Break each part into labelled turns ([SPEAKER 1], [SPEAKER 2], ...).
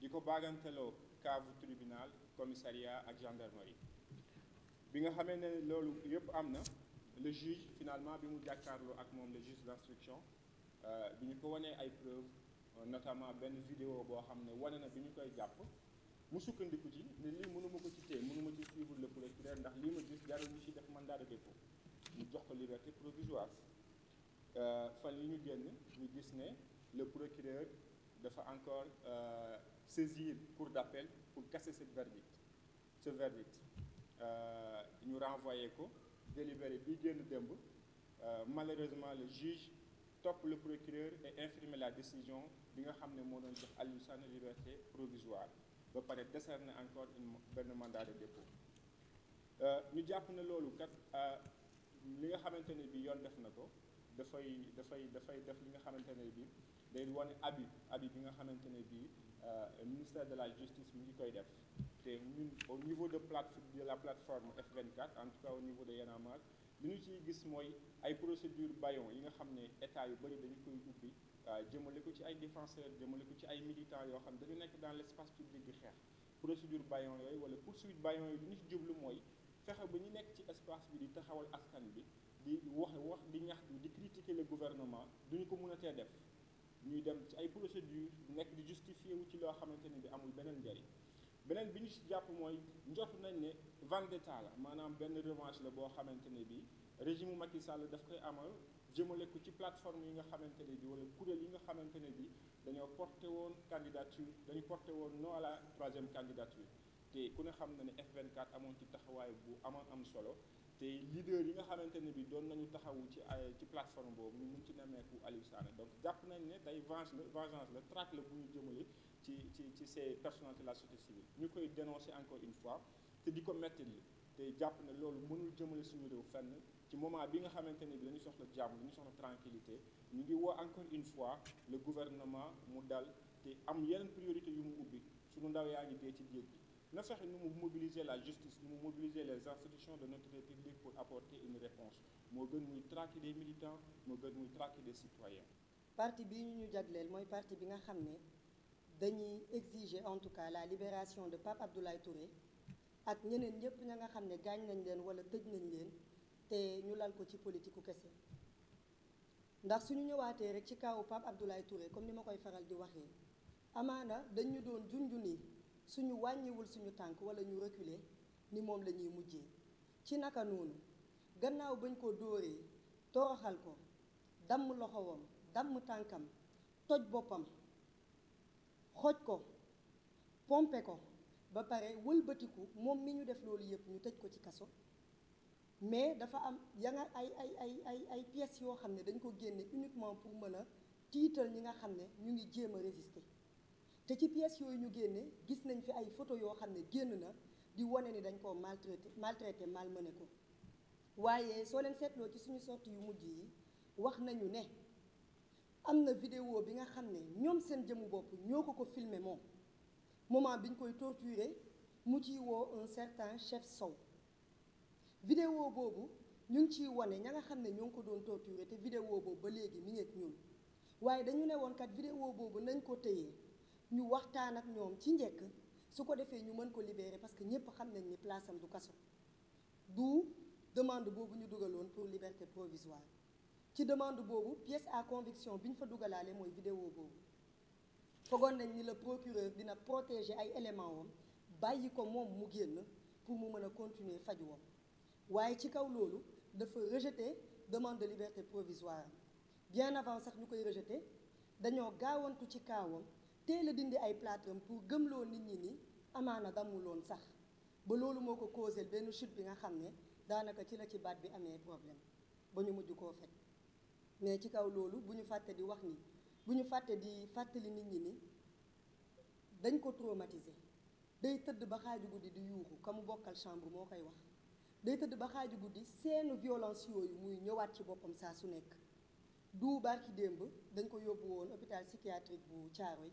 [SPEAKER 1] di ko baaganteloo cave tribunal commissariat ak gendarmerie bi nga xamee ne loolu yëpp am na le juge finalement bi mu jàkkaarloo ak moom le juge d'instruction euh, bi ñu ko wanee ay preuves euh, notamment benn vidéo boo xam ne wane na bi ñu koy jàpp mu sukkandiku ci ne lii mënuma ko ci téye mënuma ci suivre le procureur ndax lii ma gis jarul ñu ci def mandat de dépôt ñu jox ko liberté provisoire euh, fan yi ñu génn ñu gis ne le procureur dafa encore saisir cour d'appel pour casser cette verdict ce verdict nous euh, renvoyait délibéré bi euh, malheureusement le juge top le procureur et infirmer la décision de nga xam liberté provisoire décerner encore une mandat de dépôt euh, day wane abi abi bi nga xamantene bi bii euh, ministère de la justice mi ngi koy def té ñun au niveau de plateforme de la plateforme F24 en tout cas au niveau de Yanamar a marre li ñu ciy gis moy ay procédures bayon yi nga xamné état yu bari dañ koy ubbi euh, jëmale ko ci ay défenseurs jëmale ko ci ay militants yo xam dañu nekk dans l'espace public di xex procédure bayon yoy wala poursuite bayon yooyu li ñu ci jublu moy fexé ba ñu nekk ci espace bi di taxawal askan bi di wax wax di ñaxtu di critiquer le gouvernement duñ ko mëna té def ñuy dem ci ay procédures nekk di justifié wu ci loo xamante ne bi amul beneen njariñ beneen bi ñu ci jàpp mooy njort nañ ne vendetta la maanaam benn revanche la boo xamante ne bi régime Macky Sall daf koy amal jëmale ko ci plateforme yi nga xamante ne bi wala kuréel yi nga xamante ne bi dañoo porté woon candidature dañu porté woon non à la troisième candidature te ku ne xam na ne F24 amoon ci taxawaay bu amoon am solo te leader yi nga xamante ne bi doon nañu taxawu ci ay euh, ci plateforme boobu ñu mun ci nemmeeku Aliou Sané donc jàpp nañ ne tey venge la vengeance le traque le bu ñu jëmale ci ci ci ces personnalités de la société civile ñu koy dénoncer encore une fois te di ko metti li te jàpp ne loolu mënul jëmale suñu réew fenn ci moment bi nga xamante bi dañu soxla jàmm dañu soxla tranquillité ñu ngi wo encore une fois le gouvernement mu dal té am yeneen priorité yu mu ubbi suñu ndaw yaa ngi dee ci géej gi nous, fexe nu mobiliser la justice nous mobiliser les institutions de notre république pour apporter une réponse Nous gën traquer des militants nous gën traquer des citoyens parti bi ñu ñu moy parti bi nga xamné dañuy exiger en
[SPEAKER 2] tout cas la libération de Pape Abdoulaye Touré ak ñeneen ñepp nga xamné ne nañ leen wala tëj nañ leen te ñu lal ko ci politique kessé ndax suñu ñëwaaté rek ci kaw Pape Abdoulaye Touré comme ni ma koy faral di waxee amana dañ ñu doon junju suñu wàññiwul suñu tànk wala ñu reculer ni moom la ñuy mujjee ci naka noonu gannaaw bañ ko dóoree toroxal ko damm loxowam damm tànkam toj boppam xoj ko pompe ko ba pare wëlbatiku moom mi ñu def loolu yëpp ñu tëj ko ci kaso mais dafa am ya nga ay ay ay ay ay pièces yoo xam ne dañ ko génne uniquement pour mën a tiital ñi nga xam ne ñu ngi jéem a résister te ci pièces yooyu ñu génne gis nañ fi ay photo yo xamné ne génn na di woné ni dañ koo maltraité maltraité malmené ko wayé so leen sétlo ci suñu sortie yu mujj yi wax nañu né amna vidéo bi nga xamné ñom seen jëmu bopp ñoko ko ko filmé moom moment biñ koy torturer mu ci wo un certain chef sow vidéo bobu ñu ngi ciy wane ña nga xamné ne ko doon torturer té vidéo bobu ba légui mi ngi ak ñun waaye dañu ne woon kat vidéo bobu nañ ko téye ñu waxtaan ak ñoom ci njëkk su ko defee ñu mën ko libérer parce que ñëpp xam nañ ni place am du kaso du demande boobu ñu dugaloon pour liberté provisoire ci demande boobu pièce à conviction biñ fa dugalaale mooy vidéo boobu foogoon nañ ni le procureur dina protéger ay éléments wam bàyyi ko moom mu génn pour mu mën a continuer faju wam waaye ci kaw loolu dafa rejeter demande de liberté provisoire bien avant sax ñu koy rejeter dañoo gaawantu ci kaawam teel a dindi ay plateau pour gëmloo nit ñi ni amaana damuloon sax ba loolu moo ko causé benn chute bi nga xam ne daanaka ci la ci baat bi amee problème ba ñu mujj koo fekk mais ci kaw loolu bu ñu fàtte di wax ni bu ñu fàtte di fàttali nit ñi ni dañ ko traumatisé day tëdd ba xaaju guddi di yuuxu ka mu bokkal chambre moo koy wax day tëdd ba xaaju guddi seen violence yooyu muy ñëwaat ci boppam saa su nekk du barki démb dañ ko yóbbu woon hôpital psychiatrique bu caaro yi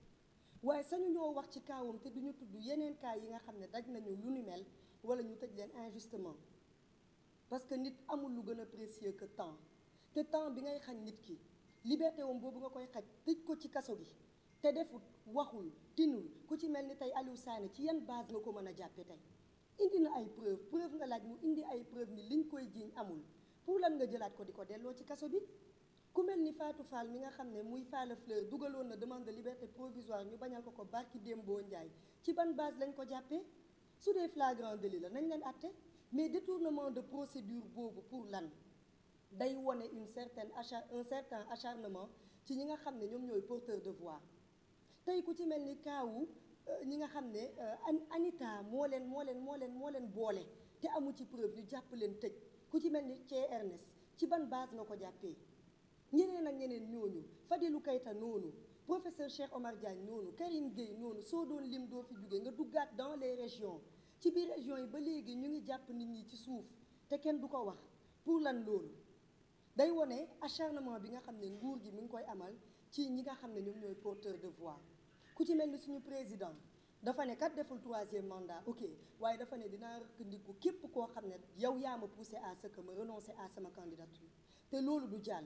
[SPEAKER 2] waaye sañu ñoo wax ci kaawam te du ñu tudd yeneen cas yi nga xam ne daj nañu lu ni mel wala ñu tëj leen injustement parce que nit amul lu gën a précieux que temps te temps bi ngay xañ nit ki liberté wam boobu nga koy xaj tëj ko ci kaso gi te defut waxul tinul ku ci mel ni tey Aliou Sané ci yan base nga ko mën a jàppe tey indi na ay preuve preuve nga laaj mu indi ay preuve ni ñu koy jiiñ amul pour lan nga jëlaat ko di ko delloo ci kaso bi ku mel ni Fatou Fall mi nga xam ne muy Falla Fleur dugaloon na demande de liberté provisoire ñu bañal ko ko barki Dembo Ndiaye ci ban base lañ ko jàppee sous des flagrant délits. la nañ leen àtte mais détournement de procédure boobu pour lan day wone une certaine achar un certain acharnement ci ñi nga xam ne ñoom porteur de voix D'ailleurs, ku ci mel ni kaawu euh, ñi nga xam euh, Anita moo leen moo leen moo leen moo leen boole te amu ci preuve ñu jàpp leen tëj ku ci mel Ernest ci ban base na ko ñeneen ak ñeneen ñooñu fadilu kayta noonu professeur Cheikh Omar Diagne noonu Karim Gueye noonu soo doon lim doo fi jóge nga duggaat dans les régions ci biir régions yi ba léegi ñu ngi jàpp nit ñi ci suuf te kenn du ko wax pour lan loolu day wone acharnement bi nga xam ne nguur gi mi ngi koy amal ci ñi nga xam ne ñoom ñooy porteur de voix ku ci mel ni suñu président dafa ne kat deful troisième mandat ok waaye dafa ne dinaa rëkkandiku képp koo xam ne yow yaa ma poussé à ce que ma renoncer à sama candidature te loolu du jàll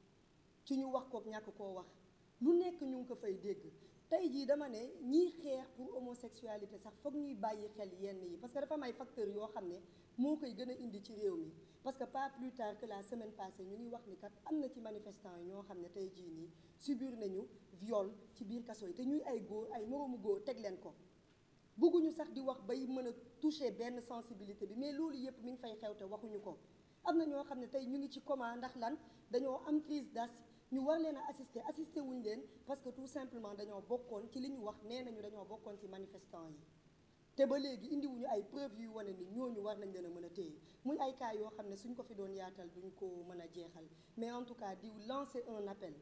[SPEAKER 2] ci ñu wax kook ñàkk koo wax lu nekk ñu ngi ko fay dégg tey jii dama ne ñiy xeex pour homosexualité sax foog ñuy bàyyi xel yenn yi parce que dafa am ay facteurs yoo xam ne moo koy gën a indi ci réew mi parce que pas plus tard que la semaine passée ñu ngi wax ni kat am na ci manifestants yi ñoo xam ne tey jii nii subir nañu viol ci biir kaso yi te ñuy ay góor ay moroomu góor teg leen ko bëgguñu sax di wax bay mën a toucher benn sensibilité bi mais loolu yëpp mi ngi fay xew te waxuñu ko am na ñoo xam ne tey ñu ngi ci coma ndax lan dañoo am crise d'asthme ñu war leen assister assister wuñ leen parce que tout simplement dañoo bokkoon ci li ñu wax nee nañu dañoo bokkoon ci manifestants. yi te ba léegi indiwuñu ay preuve yu wane ni ñooñu war nañ leen a mën a téye muy ay cas yoo xam ne suñ ko fi doon yaatal duñ ko mën a mais en tout cas di lancer un appel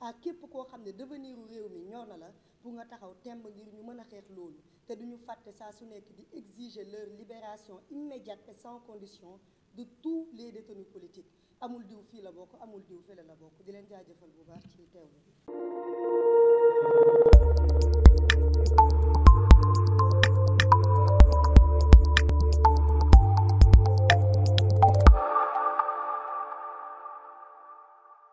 [SPEAKER 2] à képp koo xam ne devenir réew mi ñor na la pour nga taxaw temb ngir ñu mën a xeex loolu te duñu fàtte saa su nekk di exiger leur libération immédiate et sans condition de tous les détenus politiques amul diw fii la bokk amul diw fii la la bokk di leen jaajëfal bu baax ci teewlu bi